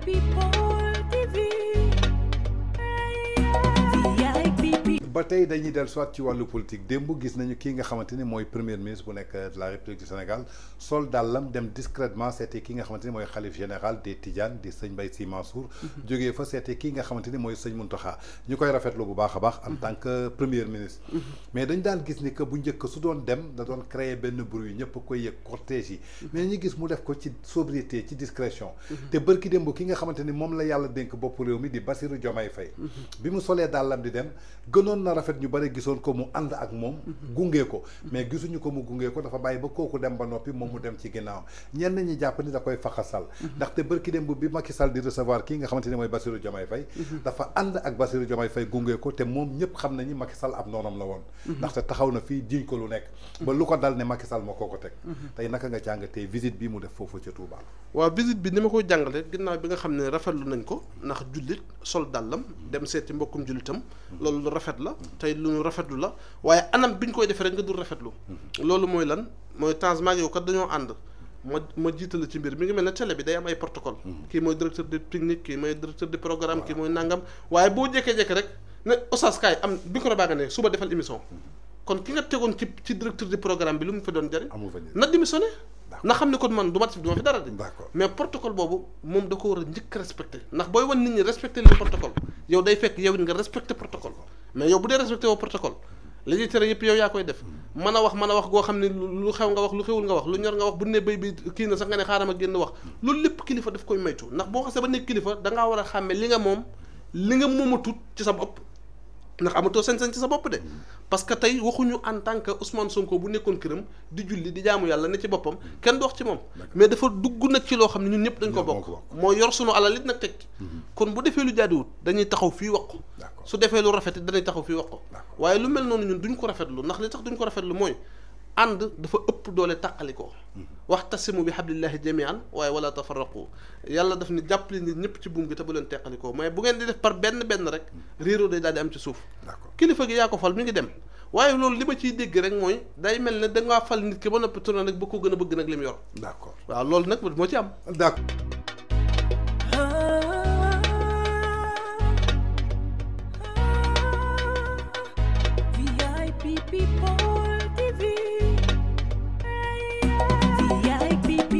people ba dañuy del soit ci wàllu politique dembu gis nañu ki nga xamanteni moy premier ministre bu nekk de la république du Sénégal sol dalam dem discrètement c'était ki nga xamanteni moy khalife général des Tidiane des sëñ Mbaye Sy Mansour mhm. jógee fa seeti ki nga xamanteni moy mooy sëñ ñukoy rafetlu bu baaxa baax en mhm. tant que premier ministre mhm. mais dañ daan gis ni que bu njëkk su doon dem da doon créer benn bruit ñëpp koy yëg cortège yi mais ñi gis mu def ko ci sobriété ci discrétion té barki dembu ki nga xamanteni mom la yalla denk bop réew mi di Bassirou Diomaye Faye bi mu solee dàllam di dem gënoon na rafet ñu bari gisoon ko mu ànd ak moom gunge ko mais gisuñu ko mu gunge ko dafa bàyyi ba kooku dem ba noppi moom mu dem ci ginnaaw ñenn ñi jàpp ni da koy ndaxte bërki dem bu bi Macky Sall di recevoir kii nga xamante ne mooy Bassirou Diomaye Faye dafa ànd ak Bassirou Diomaye Faye gunge ko te moom ñëpp xam nañu Macky Sall ab noonam la woon ndaxte taxaw na fii jiñ ko lu nekk ba lu ko dal ne Macky Sall moo ko ko teg tey naka nga jàngatee visite bi mu def foofu ca Touba waaw visite bi ni ma ko jàngale ginnaaw bi nga xam ne rafetlu nañ ko ndax jullit sol dàllam dem seeti mbokkum jullitam loolu rafet la la tey lu ñu rafetlu la waaye anam bi ñu koy defee rek nga rafet lu mhm. loolu mooy lan mooy temps maag yow kat dañoo ànd ma ma jiitala ci mbir mi ngi mel ne télé bi day am ay protocole mhm. kii mooy directeur de technique kii mooy directeur de programme kii mooy nangam waaye boo jekkee-jekke rek ne Oustaz kaay am bi ko baa nga ne suba defal émission mhm. kon ki nga tegoon ci directeur de programme bi lu mu fa doon jëriñ na démissionné na xam ne kon man du ma duma fi dara de mais moom da ko war a njëkk respecté ndax booy wan nit ñi respecté li protocole yow day fekk yow it mais yow bu dee respecté woo protocole li ñuy tere yëpp yaa koy def mën a wax mën a wax goo xam ne lu xew nga wax lu xewul nga wax lu ñor nga wax bu ne béy bi kii na sax nga ne xaaral ma génn wax loolu lépp kilifa daf koy maytu ndax boo xasee ba nekk kilifa da ngaa war a xàmme li nga moom li nga moomatut ci sa bopp ndax amatoo sañ-sañ ci sa bopp de parce que tey waxuñu en tant que Ousmane Sonko bu nekkoon këram di julli di jaamu yàlla ne ci boppam kenn du ci moom mais dafa dugg nag ci loo xam ne ñun ñëpp dañ ko bokk moo yor sunu alal it nag teg mhm. kon bu defee lu jaaduwut dañuy taxaw fii wax su defee lu rafet it danañ taxaw fi wax ko waaye lu mel noonu ñun duñ ko rafetlu ndax li tax duñ ko rafetlu mooy ànd dafa ëpp doole tàqalikoo wax tasimu bi hablillahi jamian waaye wala tafarraqu yàlla daf ni jàppale nit ñëpp ci buum gi te bu leen teqalikoo mais bu ngeen di def par benn benn rek réeroo day daal di am ci suuf kilifa gi yaa ko fal mi ngi dem waaye loolu li ma ciy dégg rek mooy day mel ne da nga fal nit ki ba noppi tourné nag ba ko gën a bëgg nag li mu yor d'accord waaw loolu nag moo ci am d'accord